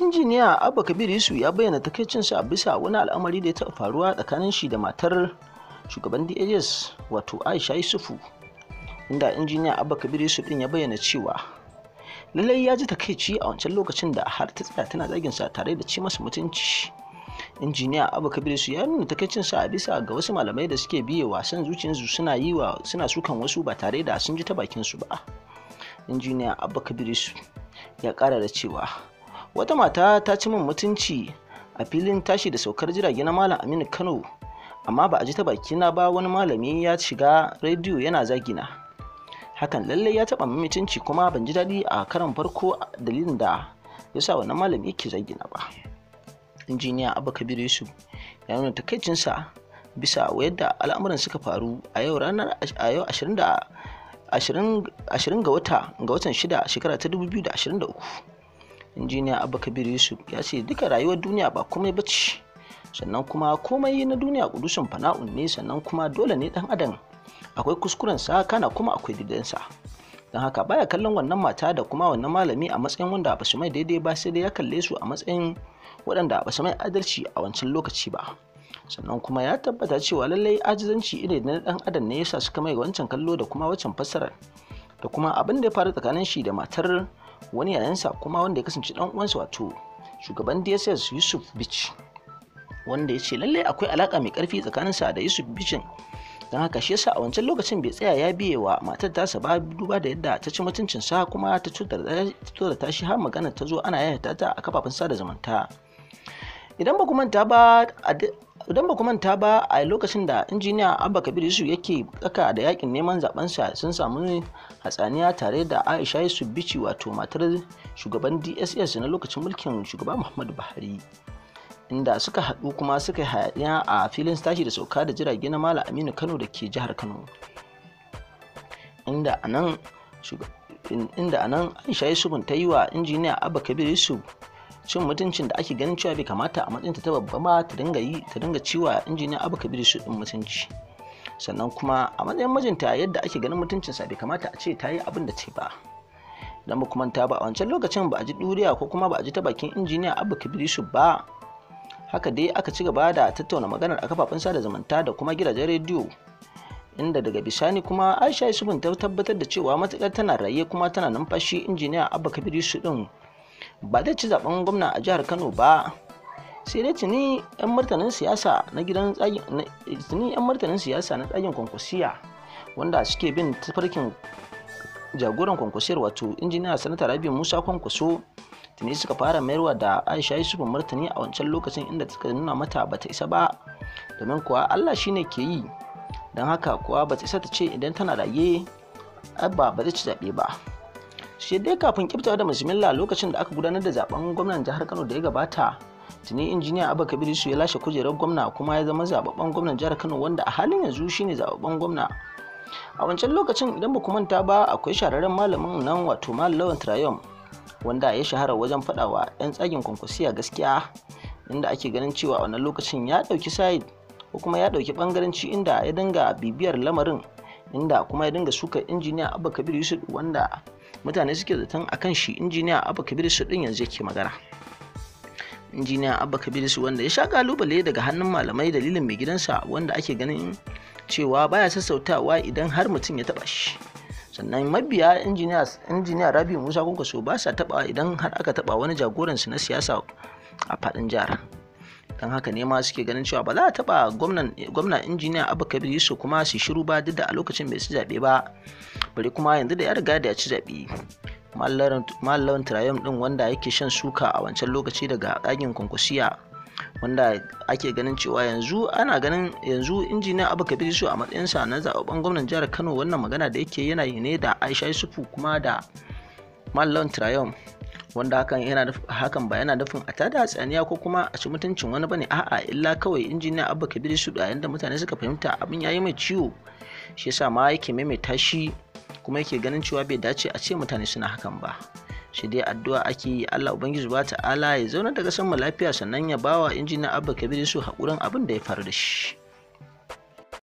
injiniya abba kabir yusuf ya bayyana takaicinsa a bisa wani al'amari da ya taɓa faruwa tsakanin shi da matar shugaban D.A.S, wato aisha yusufu inda injiniya abba kabir yusuf din ya bayyana cewa lallai ya ji takaici a wancan lokacin da har ta tsaya tana zagin sa tare da ci masa mutunci injiniya abba kabir yusuf ya nuna sa a bisa ga wasu malamai da suke biye wasan zuciyarsu suna yi wa suna sukan wasu ba tare da sun ji ta bakin su ba injiniya abba kabir yusuf ya kara da cewa wata mata ta ci min mutunci a filin tashi da saukar jirage na malam aminu kano amma ba a ji ta bakina ba wani malami ya shiga rediyo yana zagina hakan lallai ya taɓa mutunci kuma ban ji daɗi a karan farko dalilin da ya sa wannan malami yake zagina ba injiniya abu kabir yusuf ya nuna takaicinsa bisa yadda al'amuran suka faru a yau ranar a yau ashirin ga wata ga watan shida shekara ta 2023 injiniya abu kabir yusuf ya ce duka rayuwar duniya ba komai ba ce sannan kuma komai na duniya kudusun fana'un ne sannan kuma dole ne dan adam akwai kuskurensa kana kuma akwai didansa don haka baya kallon wannan mata da kuma wannan malami a matsayin wanda ba su mai daidai ba sai dai ya kalle su a matsayin waɗanda ba su mai adalci a wancan lokaci ba sannan kuma ya tabbata cewa lallai ajizanci iri na dan adam ne yasa suka mai wancan kallo da kuma wancan fassara da kuma abin da ya faru tsakanin shi da matar wani yayansa kuma wanda ya kasance dan uwansa wato shugaban dss yusuf bich wanda ya ce lallai akwai alaka mai karfi tsakaninsa da yusuf bichin don haka shi yasa a wancan lokacin bai tsaya ya biye wa matar tasa ba duba da yadda ta ci mutuncinsa kuma ta cutar da shi har magana ta zo ana yaya ta a kafafen sada zumunta idan ba ku manta ba idan ba manta ba a lokacin da injiniya abba kabir yusuf yake kaka da yakin neman sa sun samu hatsaniya tare da aisha yusuf bici wato matar shugaban dss na lokacin mulkin shugaba muhammadu buhari inda suka haɗu kuma suka yi a filin tashi da sauka da jirage na malam aminu kano da ke jihar kano inda anan aisha yusuf ta yi wa injiniya abba kabir yusuf cin mutuncin da ake ganin cewa bai kamata a matsayinta ta babba ba ta dinga yi ta dinga ciwa injiniya abu kabir su din mutunci sannan kuma a matsayin mijinta yadda ake ganin mutuncin sa bai kamata a ce ta yi abin da ce ba dan ba kuma ta ba a wancan lokacin ba a ji duriya ko kuma ba a ji ta bakin injiniya abu kabir su ba haka dai aka ci gaba da tattauna maganar a kafafen sada zumunta da kuma gidajen rediyo inda daga bisani kuma aisha yusufin ta tabbatar da cewa matuƙar tana raye kuma tana numfashi injiniya abu kabir yusuf din ba zai ci zaben gwamna a jihar kano ba sai dai tuni 'yan martanin siyasa na gidan tuni 'yan martanin siyasa na tsagen kwankwasiya wanda suke bin tafarkin jagoran kwankwasiyar wato injiniya sanata rabi musa kwankwaso tuni suka fara mayarwa da aisha yusuf martani a wancan lokacin inda suka nuna mata bata isa ba domin kuwa allah shine ke yi don haka kuwa bata isa ta ce idan tana raye ba ba zai ci zaɓe ba shi dai kafin kiftawa da bismillah lokacin da aka gudanar da zaben gwamnan jihar kano da ya gabata tuni injiniya abba kabir su ya lashe kujerar gwamna kuma ya zama zababban gwamnan jihar kano wanda a halin yanzu shine zababban gwamna a wancan lokacin idan ba manta ba akwai shahararren malamin nan wato malam lawan wanda ya shahara wajen faɗawa 'yan tsagin kwankwasiya gaskiya inda ake ganin cewa wannan lokacin ya dauki side ko kuma ya ɗauki bangaranci inda ya dinga bibiyar lamarin inda kuma ya dinga suka injiniya abba kabir yusuf wanda mutane suke zaton a kan shi injiniya abba kabir su din yanzu yake magana injiniya abba kabir su wanda ya sha kalubale daga hannun malamai dalilin mai gidansa wanda ake ganin cewa baya sassautawa idan har mutum ya taba shi sannan mabiya injiniya rabi musa so ba sa taba idan har aka taba wani jagoransu na siyasa a faɗin jihar don haka ne ma suke ganin cewa ba za a taba gwamna injiniya abu kabir yusuf kuma su shiru ba duk da a lokacin bai su zaɓe ba bari kuma yanzu da ya riga da ya ci zaɓi mallawan tirayom din wanda yake shan suka a wancan lokaci daga ɗakin kwankwasiya wanda ake ganin cewa yanzu ana ganin yanzu injiniya abu kabir su a matsayinsa na zababben gwamnan jihar kano wannan magana da yake yana yi ne da aisha yusufu kuma da mallawan tirayom wanda hakan yana hakan ba yana nufin a tada tsaniya ko kuma a ci mutuncin wani bane a'a illa kawai injiniya abu kabir su da yanda mutane suka fahimta abin ya yi mai ciwo shi yasa ma yake maimaita shi kuma yake ganin cewa bai dace a ce mutane suna hakan ba shi dai addu'a ake yi Allah ubangiji ba ta'ala ya zauna daga sama lafiya sannan ya bawa injiniya Abba Kabir su haƙurin abin da ya faru da shi